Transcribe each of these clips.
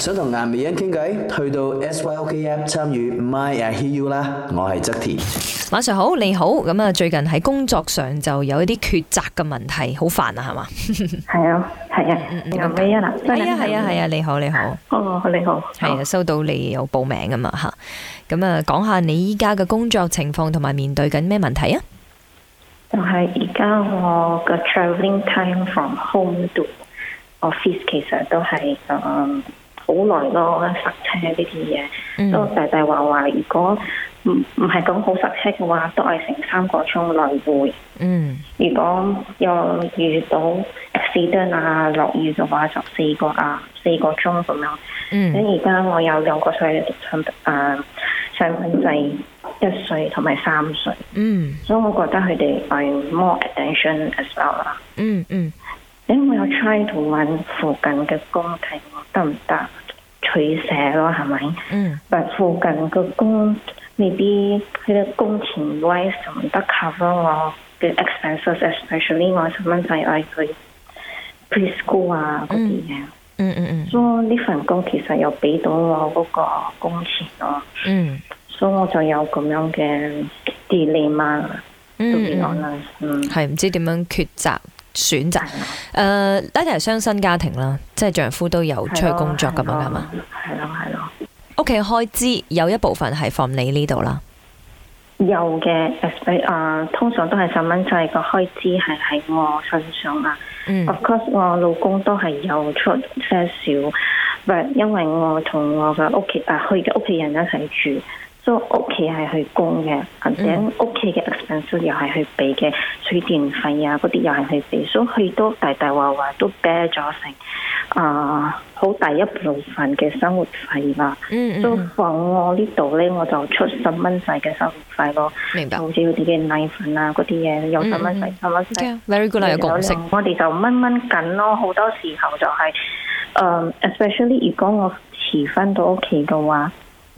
想同顏美欣傾偈，去到 SYOK、OK、a 參與 My I、ah、Hear You 啦。我係則田。晚上好，你好。咁啊，最近喺工作上就有一啲抉擇嘅問題，好煩 啊，係嘛？係啊，係啊。顏美欣啊，係啊、嗯，係啊，係啊。你好，你好。哦、嗯，你好。係啊，收到你有報名㗎嘛吓。咁啊好，講好下你依家嘅工作情況同埋面對緊咩問題啊？就係而家我個 traveling time from home to office 其實都係， 好耐咯，塞車呢啲嘢，嗯、都大大話話。如果唔唔係咁好塞車嘅話，都係成三個鐘來回。嗯，如果又遇到 accident 啊、落雨嘅話，就四個啊四個鐘咁樣。嗯，咁而家我有兩個歲親，誒細蚊仔一歲同埋三歲。嗯，所以我覺得佢哋係 more attention as well 啦、嗯。嗯嗯，因為我要 try to 揾附近嘅公艇。得唔得？取捨咯，係咪？嗯。但附近個工，未必，佢哋工錢都係唔得卡我嘅 expenses especially 我十蚊仔嗌佢 preschool 啊，嗰啲嘢。嗯嗯嗯。所以呢份工其實又俾到我嗰個工錢咯。嗯。所以、so, 我就有咁樣嘅 dilemma 都俾我嗯，係唔、嗯、知點樣抉擇？選擇誒一啲係雙薪家庭啦，即係丈夫都有出去工作咁樣㗎嘛？係咯，係咯，屋企開支有一部分係放你呢度啦。有嘅誒，通常都係十蚊仔個開支係喺我身上啦。嗯 of course 我老公都係有出些少，唔係因為我同我嘅屋企啊，去嘅屋企人一齊住。所以屋企係去供嘅，或者屋企嘅 expense 又係去俾嘅，水電費啊嗰啲又係去俾，所以好多大大話話都畀咗成啊好大一部分嘅生活費啦。租放、嗯嗯 so, 我呢度咧我就出十蚊仔嘅生活費咯，好似嗰啲嘅奶粉啊嗰啲嘢有十蚊仔十蚊仔。嗯、okay, very good 啊，有共識我哋就掹掹緊咯，好多時候就係、是，誒、嗯、，especially 如果我遲返到屋企嘅話。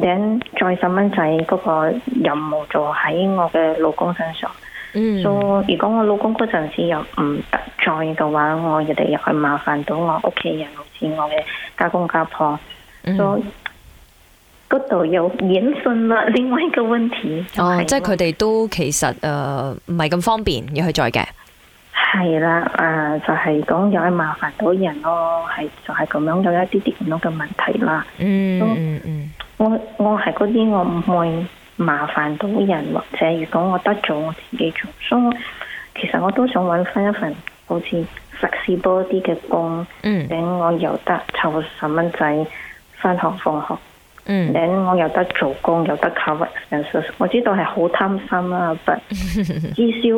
等載細蚊仔嗰個任務就喺我嘅老公身上，嗯，so, 如果我老公嗰陣時又唔得載嘅話，我亦都又係麻煩到我屋企人，好似我嘅家公家婆，so, 嗯，都嗰度有衍生另外一個問題，就是。哦，即係佢哋都其實誒唔係咁方便要去再嘅。係啦，誒、呃，就係講又係麻煩到人咯，係就係、是、咁樣有一啲啲咁樣嘅問題啦。嗯嗯嗯。So, 嗯我我係嗰啲我唔會麻煩到人，或者如果我得咗我自己做，所以我其實我都想揾翻一份好似 flexible 啲嘅工，等、mm. 我又得湊細蚊仔返學放學，等、mm. 我又得做工又得靠，我知道係好貪心啦，但至少，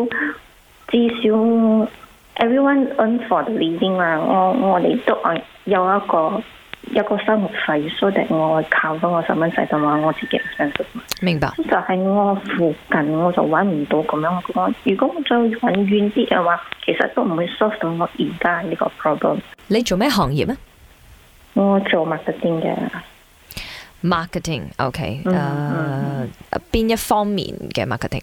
至少至少 everyone on family 先啊，我我哋都係有一個。一個生活費，所以我靠咗我十蚊仔就話我自己唔想食。明白。就喺我附近，我就揾唔到咁樣。我如果我再揾遠啲嘅話，其實都唔會 solve 到我而家呢個 problem。你做咩行業咧？我做 mark marketing 嘅 Okay.、mm。marketing，OK，誒，邊一方面嘅 marketing？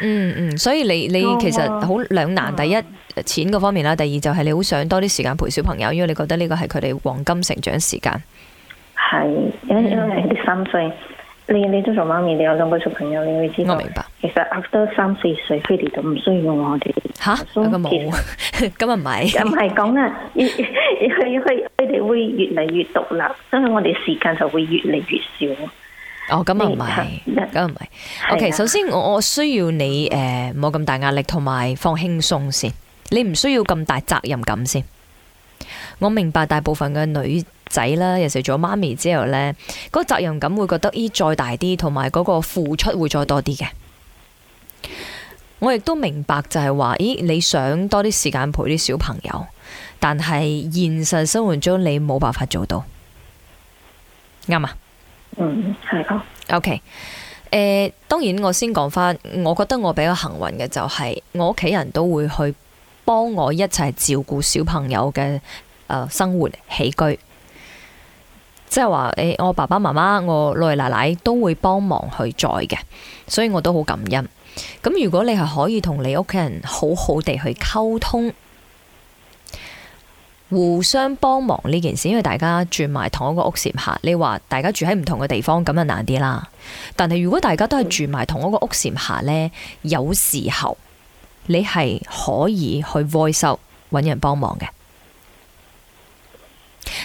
嗯嗯，所以你你其實好兩難，第一錢嗰方面啦，第二就係你好想多啲時間陪小朋友，因為你覺得呢個係佢哋黃金成長時間。係，因為啲三歲、嗯，你你都做媽咪，你有兩個小朋友，你會知我明白。其實 after 三四歲，佢哋都唔需要我哋。吓蛤？樣有冇？咁又唔係？咁係講啊，而佢哋會越嚟越獨立，所以我哋時間就會越嚟越少。哦，咁唔係，咁唔係。OK，的首先我我需要你誒，呃，冇咁大壓力，同埋放輕鬆先。你唔需要咁大責任感先。我明白大部分嘅女仔啦，尤其是做媽咪之後呢，嗰個責任感會覺得咦再大啲，同埋嗰個付出會再多啲嘅。我亦都明白，就係話，咦，你想多啲時間陪啲小朋友，但係現實生活中你冇辦法做到。啱啊。嗯，係咯。OK，誒，當然我先講翻，我覺得我比較幸運嘅就係、是、我屋企人都會去幫我一齊照顧小朋友嘅誒、呃、生活起居，即係話誒我爸爸媽媽我老爺奶奶，都會幫忙去載嘅，所以我都好感恩。咁如果你係可以同你屋企人好好地去溝通，互相幫忙呢件事，因為大家住埋同一個屋檐下。你話大家住喺唔同嘅地方，咁就難啲啦。但係如果大家都係住埋同一個屋檐下呢，有時候你係可以去 voice out 揾人幫忙嘅。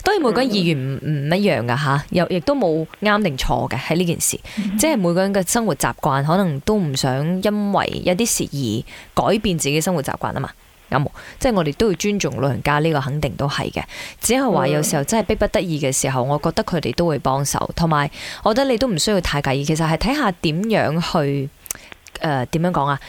當然每個人意願唔唔一樣噶吓，又亦都冇啱定錯嘅喺呢件事，即係每個人嘅生活習慣可能都唔想因為一啲事而改變自己生活習慣啊嘛。有、嗯，即係我哋都要尊重老人家呢、呢個肯定都係嘅，只係話有時候真係逼不得已嘅時候，我覺得佢哋都會幫手，同埋我覺得你都唔需要太介意，其實係睇下點樣去誒點、呃、樣講啊？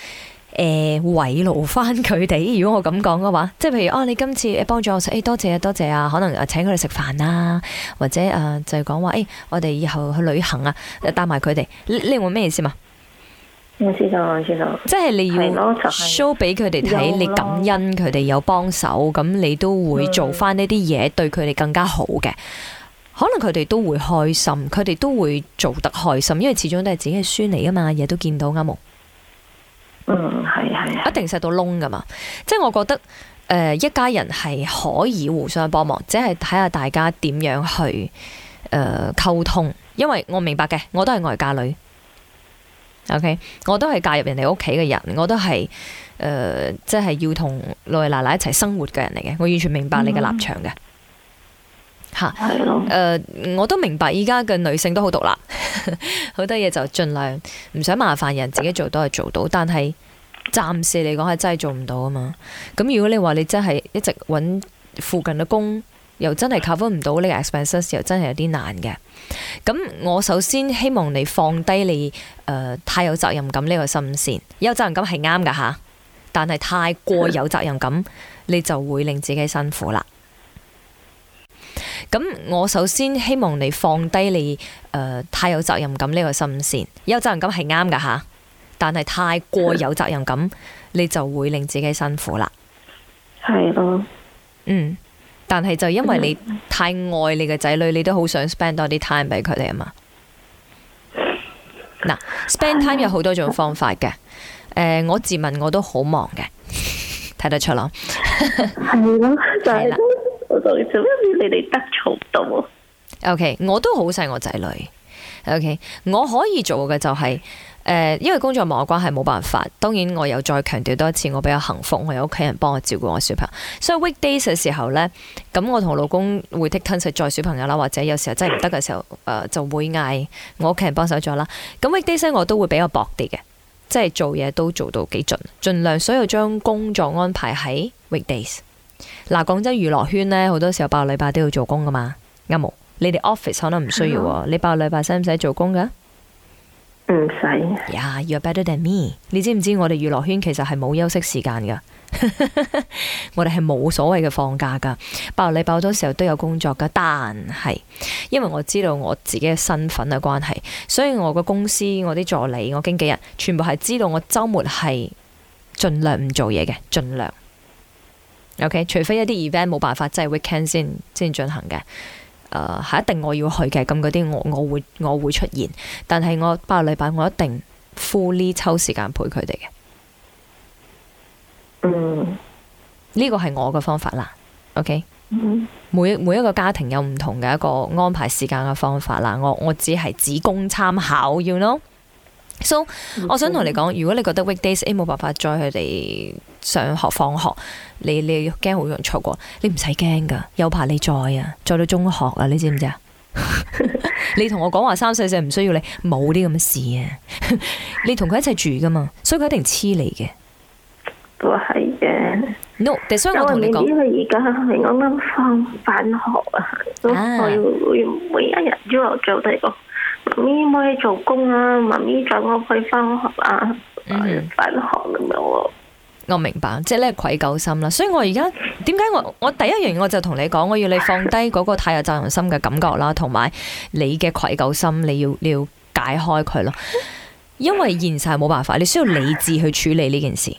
誒、呃，慰勞翻佢哋，如果我咁講嘅話，即係譬如哦、啊，你今次誒幫咗我，誒、哎、多謝、啊、多謝啊，可能誒請佢哋食飯啊，或者誒、呃、就係講話誒我哋以後去旅行啊，帶埋佢哋，你呢咩意思嘛？我知道，我知道。即係你要是 show 俾佢哋睇，是你感恩佢哋、嗯、有幫手，咁你都會做翻呢啲嘢，對佢哋更加好嘅。可能佢哋都會開心，佢哋都會做得開心，因為始終都係自己嘅孫嚟啊嘛，日日都見到啱冇？嗯，係係一定錫到窿噶嘛。即係我覺得，誒、呃，一家人係可以互相幫忙，即係睇下大家點樣去誒溝、呃、通。因為我明白嘅，我都係外嫁女。OK，我都係嫁入人哋屋企嘅人，我都係誒、呃，即係要同老爺奶奶一齊生活嘅人嚟嘅。我完全明白你嘅立場嘅，吓誒、mm hmm. 啊呃，我都明白依家嘅女性都好獨立，好 多嘢就盡量唔想麻煩人，自己做到就做到。但係暫時嚟講係真係做唔到啊嘛。咁如果你話你真係一直搵附近嘅工。又真係 cover 唔到呢個 expenses，又真係有啲難嘅。咁我首先希望你放低你誒、呃、太有責任感呢個心先。有責任感係啱嘅吓，但係太過有責任感，你就會令自己辛苦啦。咁我首先希望你放低你誒、呃、太有責任感呢個心先。有責任感係啱嘅吓，但係太過有責任感，你就會令自己辛苦啦。係咯，嗯。但係就因為你太愛你嘅仔女，你都好想 spend 多啲 time 俾佢哋啊嘛。嗱 ，spend time 有好多種方法嘅。誒、 呃，我自問我都好忙嘅，睇得出咯。係 咯， 但係都我做做啲你哋得做唔到。OK，我都好細我仔女。OK，我可以做嘅就係、是。誒，因為工作忙嘅關係冇辦法，當然我又再強調多一次，我比較幸福，我有屋企人幫我照顧我小朋友，所以 weekdays 嘅時候呢，咁我同老公會睇親實再小朋友啦，或者有時候真係唔得嘅時候，誒、呃、就會嗌我屋企人幫手做啦。咁 weekdays 我都會比較薄啲嘅，即係做嘢都做到幾盡，盡量所有將工作安排喺 weekdays。嗱，講真，娛樂圈呢，好多時候拜六禮拜都要做工㗎嘛，啱、嗯、冇？你哋 office 可能唔需要喎，嗯、你拜六禮拜使唔使做工㗎？唔使呀，yeah，you're better than me。你知唔知我哋娛樂圈其實係冇休息時間噶， 我哋係冇所謂嘅放假噶。包括你拜多時候都有工作噶，但係因為我知道我自己嘅身份嘅關係，所以我個公司、我啲助理、我經紀人全部係知道我周末係盡量唔做嘢嘅，盡量。OK，除非一啲 event 冇辦法，即係 weekend 先先進行嘅。誒，係、uh, 一定我要去嘅，咁嗰啲我我會我會出現，但係我八個禮拜我一定 fully 抽時間陪佢哋嘅。嗯，呢個係我嘅方法啦。OK，、mm hmm. 每每一個家庭有唔同嘅一個安排時間嘅方法啦。我我只係只供參考要咯。You know? 所以 So,、嗯、我想同你講，如果你覺得 weekdays A 冇辦法再佢哋上學放學，你你驚好多人錯過，你唔使驚噶，有排你再啊，再到中學啊，你知唔知啊？ 你同我講話三四歲唔需要你，冇啲咁嘅事啊！ 你同佢一齊住噶嘛，所以佢一定黐你嘅。都係嘅。no，所以我同你講、啊，因為而家我啱啱放翻學啊，所以每一日要留早睇個。媽咪可以做工啊，媽咪就我去以翻學啊，翻、嗯、學咁樣喎。我明白，即係呢愧疚心啦。所以我而家點解我我第一樣我就同你講，我要你放低嗰個太有責任心嘅感覺啦，同埋你嘅愧疚心，你要你要解開佢咯。因為現實係冇辦法，你需要理智去處理呢件事。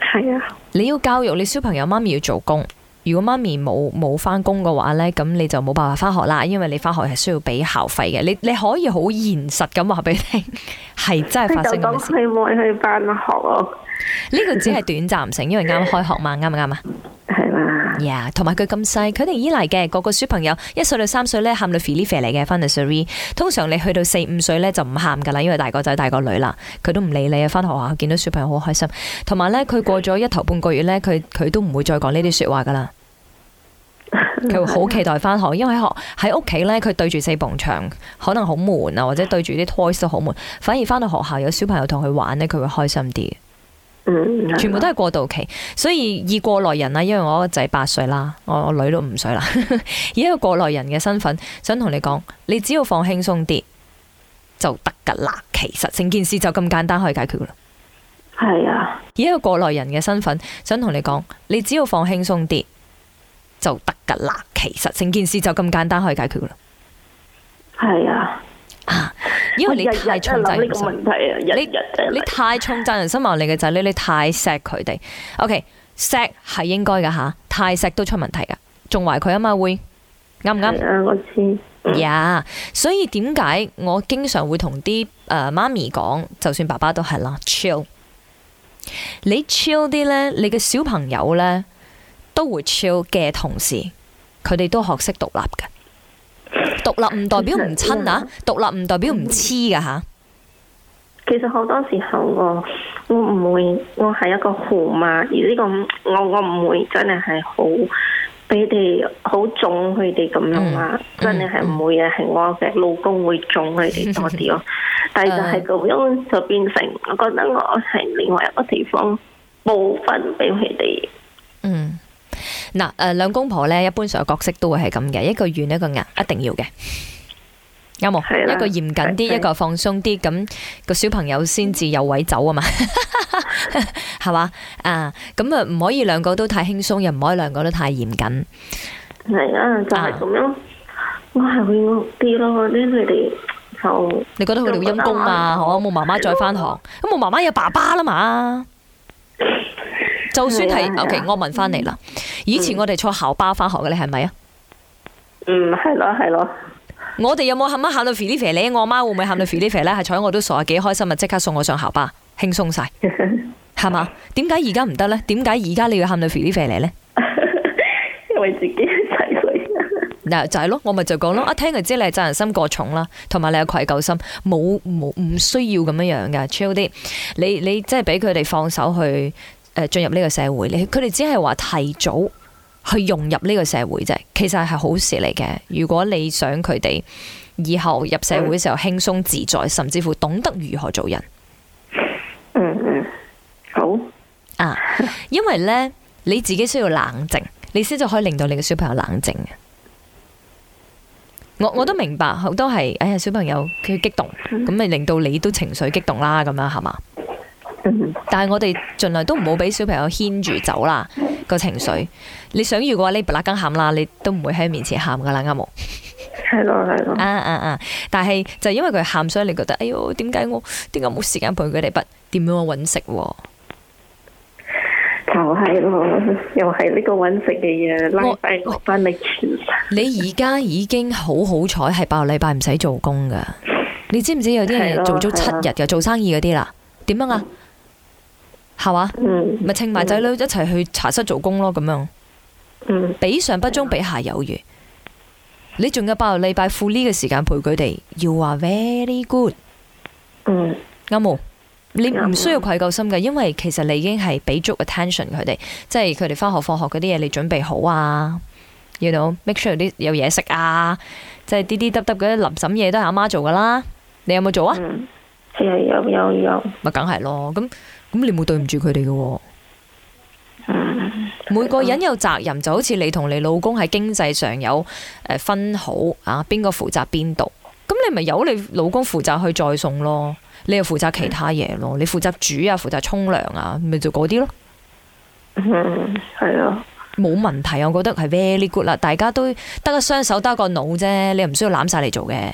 係啊，你要教育你小朋友，媽咪要做工。如果媽咪冇冇翻工嘅話呢，咁你就冇辦法翻學啦，因為你翻學係需要俾校費嘅。你你可以好現實咁話俾你聽，係真係發生咁嘅事。佢未去翻學，呢個只係短暫性，因為啱開學嘛，啱唔啱啊？係啦，yeah，同埋佢咁細，佢哋依賴嘅各個小朋友一歲到三歲呢，喊到肥肥嚟嘅。通常你去到四五歲呢，就唔喊噶啦，因為大個仔大個女啦，佢都唔理你啊。翻學啊，見到小朋友好開心。同埋呢，佢過咗一頭半個月呢，佢佢都唔會再講呢啲説話噶啦。佢會好期待返學，因為喺學喺屋企呢，佢對住四埲牆，可能好悶啊，或者對住啲 toy 都好悶。反而返到學校有小朋友同佢玩呢，佢會開心啲。嗯，全部都係過渡期，所以以過來人啦，因為我個仔八歲啦，我我女都五歲啦。 以一個過來人嘅身份，想同你講，你只要放輕鬆啲就得噶啦。其實成件事就咁簡單可以解決噶啦。係啊，以一個過來人嘅身份，想同你講，你只要放輕鬆啲。就得噶啦，其實成件事就咁簡單可以解決噶啦。係啊，啊，因為你太重責呢個問題啊，你太重責人心望你嘅就係你，你太錫佢哋。OK，錫係應該嘅吓，太錫都出問題噶，縱壞佢啊嘛會，啱唔啱？我知。呀，yeah, 所以點解我經常會同啲誒媽咪講，就算爸爸都係啦，chill。你 chill 啲呢？你嘅小朋友呢？都會 c 嘅同事，佢哋都學識獨立嘅。獨立唔代表唔親啊，獨、嗯、立唔代表唔黐噶吓。其實好多時候我我唔會，我係一個豪媽，而呢、這個我我唔會真係係好俾你好縱佢哋咁樣啊，真係係唔會嘅，係我嘅老公會縱佢哋多啲咯。嗯、但係就係咁樣就變成，嗯、我覺得我係另外一個地方部分俾佢哋嗯。嗱，誒，兩公婆咧，一般所有角色都會係咁嘅，一個軟，一個硬，一定要嘅。阿毛，的一個嚴謹啲，一個放鬆啲，咁、咁個小朋友先至有位走啊嘛，係 嘛？ 啊，咁啊，唔可以兩個都太輕鬆，又唔可以兩個都太嚴謹。係、就係、啊，就係咁樣，我係會啲咯，啲佢哋就你覺得佢哋好陰公啊？我冇媽媽再翻學，咁我媽媽有爸爸啦嘛。就算係，OK，我問翻你啦。嗯、以前我哋坐校巴翻學嘅，你係咪啊？嗯，係咯，係咯。我哋有冇喊啊喊到肥 r e e 我阿媽會唔會喊到肥 r e e 咧？係坐我都傻下，幾開心啊！即刻送我上校巴，輕鬆晒，係嘛？點解而家唔得咧？點解而家你要喊到肥 r e e 咧？咧？ 因為自己太累。嗱， 就係咯，我咪就講咯。一聽就知你責任心過重啦，同埋你有愧疚心，冇冇唔需要咁樣樣嘅，chill 啲。你你即係俾佢哋放手去。誒，進入呢個社會，你佢哋只係話提早去融入呢個社會啫，其實係好事嚟嘅。如果你想佢哋以後入社會嘅時候輕鬆自在，甚至乎懂得如何做人，嗯嗯，好啊，因為呢你自己需要冷靜，你先至可以令到你嘅小朋友冷靜啊。我我都明白，好多係哎呀，小朋友佢激動，咁咪令到你都情緒激動啦，咁樣係嘛？但係我哋盡量都唔好俾小朋友牽住走啦，個情緒。你想要嘅話，你嗱嗱聲喊啦，你都唔會喺面前喊噶啦，啱冇？係咯係咯。啊啊啊！但係就因為佢喊，所以你覺得哎喲，點解我點解冇時間陪佢哋不？點樣搵食喎？就係咯，又係呢個搵食嘅嘢，翻你而家已經好好彩，係八個禮拜唔使做工噶。你知唔知有啲人做咗七日又做生意嗰啲啦？點樣啊？係嘛？咪請埋仔女一齊去茶室做工咯，咁樣，比上不中比下有餘。你仲有拜六禮拜負呢個時間陪佢哋，You are very good。嗯，啱你唔需要愧疚心嘅，因為其實你已經係俾足 attention 佢哋，即係佢哋翻學放學嗰啲嘢，你準備好啊，you know make sure 啲有嘢食啊，即係啲啲得得嗰啲臨枕嘢都係阿媽做噶啦，你有冇做啊？係有有有。咪梗係咯，咁。咁你冇對唔住佢哋嘅？嗯，每個人有責任，就好似你同你老公喺經濟上有誒分好啊，邊個負責邊度？咁你咪由你老公負責去載送咯，你又負責其他嘢咯，你負責煮啊，負責沖涼啊，咪就嗰啲咯。嗯，係啊，冇問題，我覺得係 very good 啦。大家都得個雙手，得個腦啫，你唔需要攬晒嚟做嘅。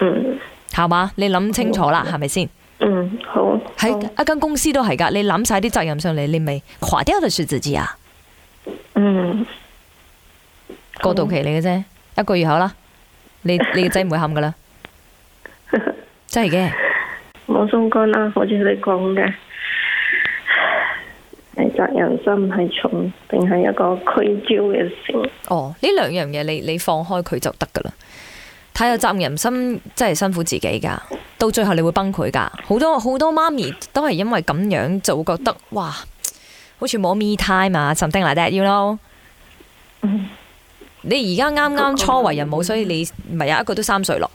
嗯，係嘛，你諗清楚啦，係咪先？吧嗯，好喺一間公司都係噶，你攬晒啲責任上嚟，你咪垮掉，都算自己啊，嗯。嗯，過渡期嚟嘅啫，一個月後啦，你你個仔唔會喊噶啦。 真係嘅，冇松干啦，好似你講嘅，係責任心係重定係一個聚焦嘅事。哦，呢兩樣嘢你你放開佢就得噶啦，太有責任心真係辛苦自己噶。S 1 clic letter 到最後你會崩潰噶，好多好多媽咪都係因為咁樣就會覺得，哇，好似冇 me time 啊，剩低奶爹要咯。你而家啱啱初為人母，所以你咪有一個都三歲咯。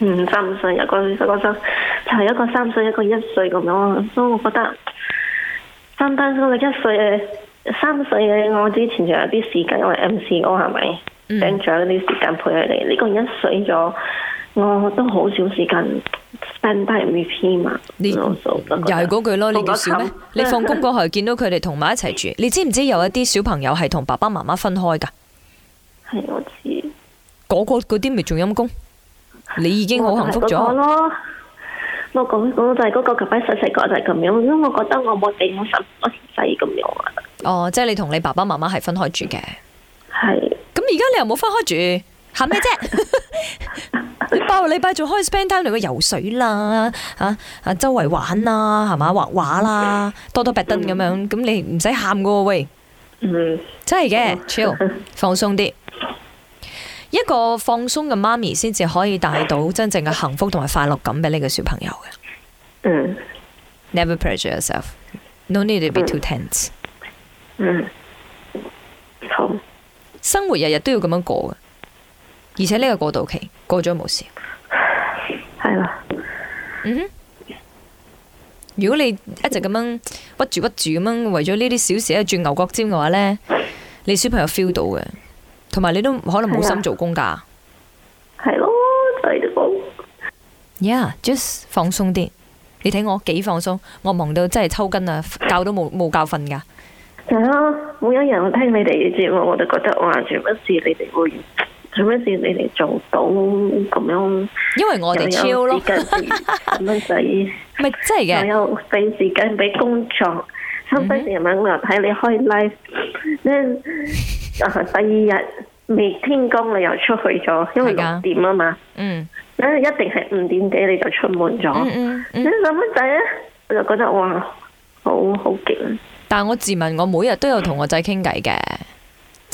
嗯，三歲一個，三個就係一個三歲，一個一歲咁樣。所以我覺得，三單嗰個一歲三歲嘅。我之前就有啲時間為 m c 我係咪，掟咗啲時間陪佢哋。呢個人一歲咗。我都好少時間 spend 嘛你。呢 V P 嘛，又係嗰句咯，你叫少咩？ 你放工過後見到佢哋同埋一齊住，你知唔知有一啲小朋友係同爸爸媽媽分開噶？係，我知，嗰個嗰啲咪仲陰公？你已經好幸福咗。我講我就係嗰個咁鬼細細個小小就係咁樣，因為我覺得我冇第五十、五十世咁樣啊。哦，即係你同你爸爸媽媽係分開住嘅。係是。咁而家你又冇分開住？喊咩啫？你 八個禮拜仲可以 spend time 嚟去游水啦，吓啊周圍玩啦，係嘛畫畫啦，多多白燈咁樣，咁你唔使喊噶喂。嗯，真係嘅，chill，放鬆啲。一個放鬆嘅媽咪，先至可以帶到真正嘅幸福同埋快樂感俾呢個小朋友嘅。嗯。Never pressure yourself. No need to be too tense. 嗯。嗯嗯好。生活日日都要咁樣過嘅。而且呢個過渡期過咗冇事，係啦的。嗯哼，如果你一直咁樣屈住屈住咁樣為咗呢啲小事咧轉牛角尖嘅話呢，你小朋友 feel 到嘅，同埋你都可能冇心做工噶。係咯，就係咁。呀、yeah，just 放鬆啲，你睇我幾放鬆，我忙到真係抽筋啊，覺都冇冇覺瞓噶。係啊，每一人我聽你哋嘅節目，我都覺得哇，全不是你哋做乜事你哋做到咁樣？因為我哋超咯，咁樣仔咪真係嘅。我有俾時間俾工作，三三點零啊睇你開 live。呢第二日未天光，你又出去咗，因為六點啊嘛。嗯，你一定係五點幾你就出門咗。你嗯嗯，嗯嗯，細蚊仔咧，我就覺得哇，好好勁。但我自問，我每日都有同我仔傾偈嘅。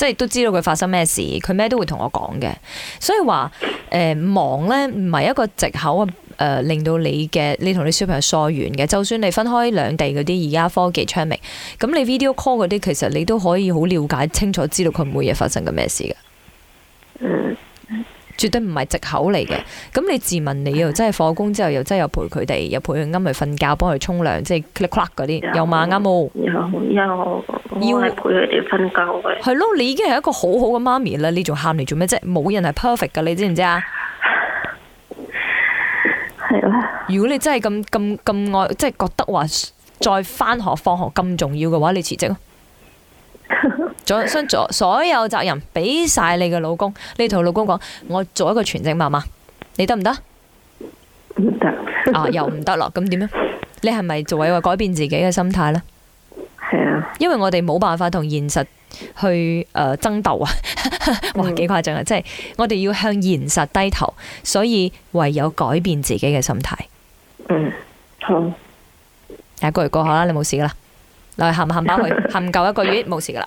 即係都知道佢發生咩事，佢咩都會同我講嘅。所以話誒忙咧唔係一個借口啊，誒、呃、令到你嘅你同你小朋友疏遠嘅。就算你分開兩地嗰啲，而家科技昌明，咁你 video call 嗰啲，其實你都可以好了解清楚，知道佢每日發生緊咩事嘅。嗯絕對唔係藉口嚟嘅。咁你自問，你又真係放工之後又真係有陪佢哋，是的 又陪佢啱咪瞓覺，幫佢沖涼，即係 click、clack 嗰啲，又晚啱毛，要你陪佢哋瞓覺嘅。係咯，你已經係一個好好嘅媽咪啦，你仲喊嚟做咩啫？即係冇人係 perfect 㗎，你知唔知啊？係啦的。如果你真係咁咁咁愛，即係覺得話再翻學放學咁重要嘅話，你辭職。左所有責任俾晒你嘅老公，你同老公講，我做一個全職媽媽，你得唔得？唔得不行 啊，又唔得咯，咁點樣？你係咪做為話改變自己嘅心態呢？係是啊，因為我哋冇辦法同現實去誒、呃、爭鬥啊， 啊！哇，幾誇張啊！即係我哋要向現實低頭，所以唯有改變自己嘅心態。嗯，好，一個月過下啦，你冇事噶啦，嚟，冚冚包去，冚夠一個月冇事噶啦。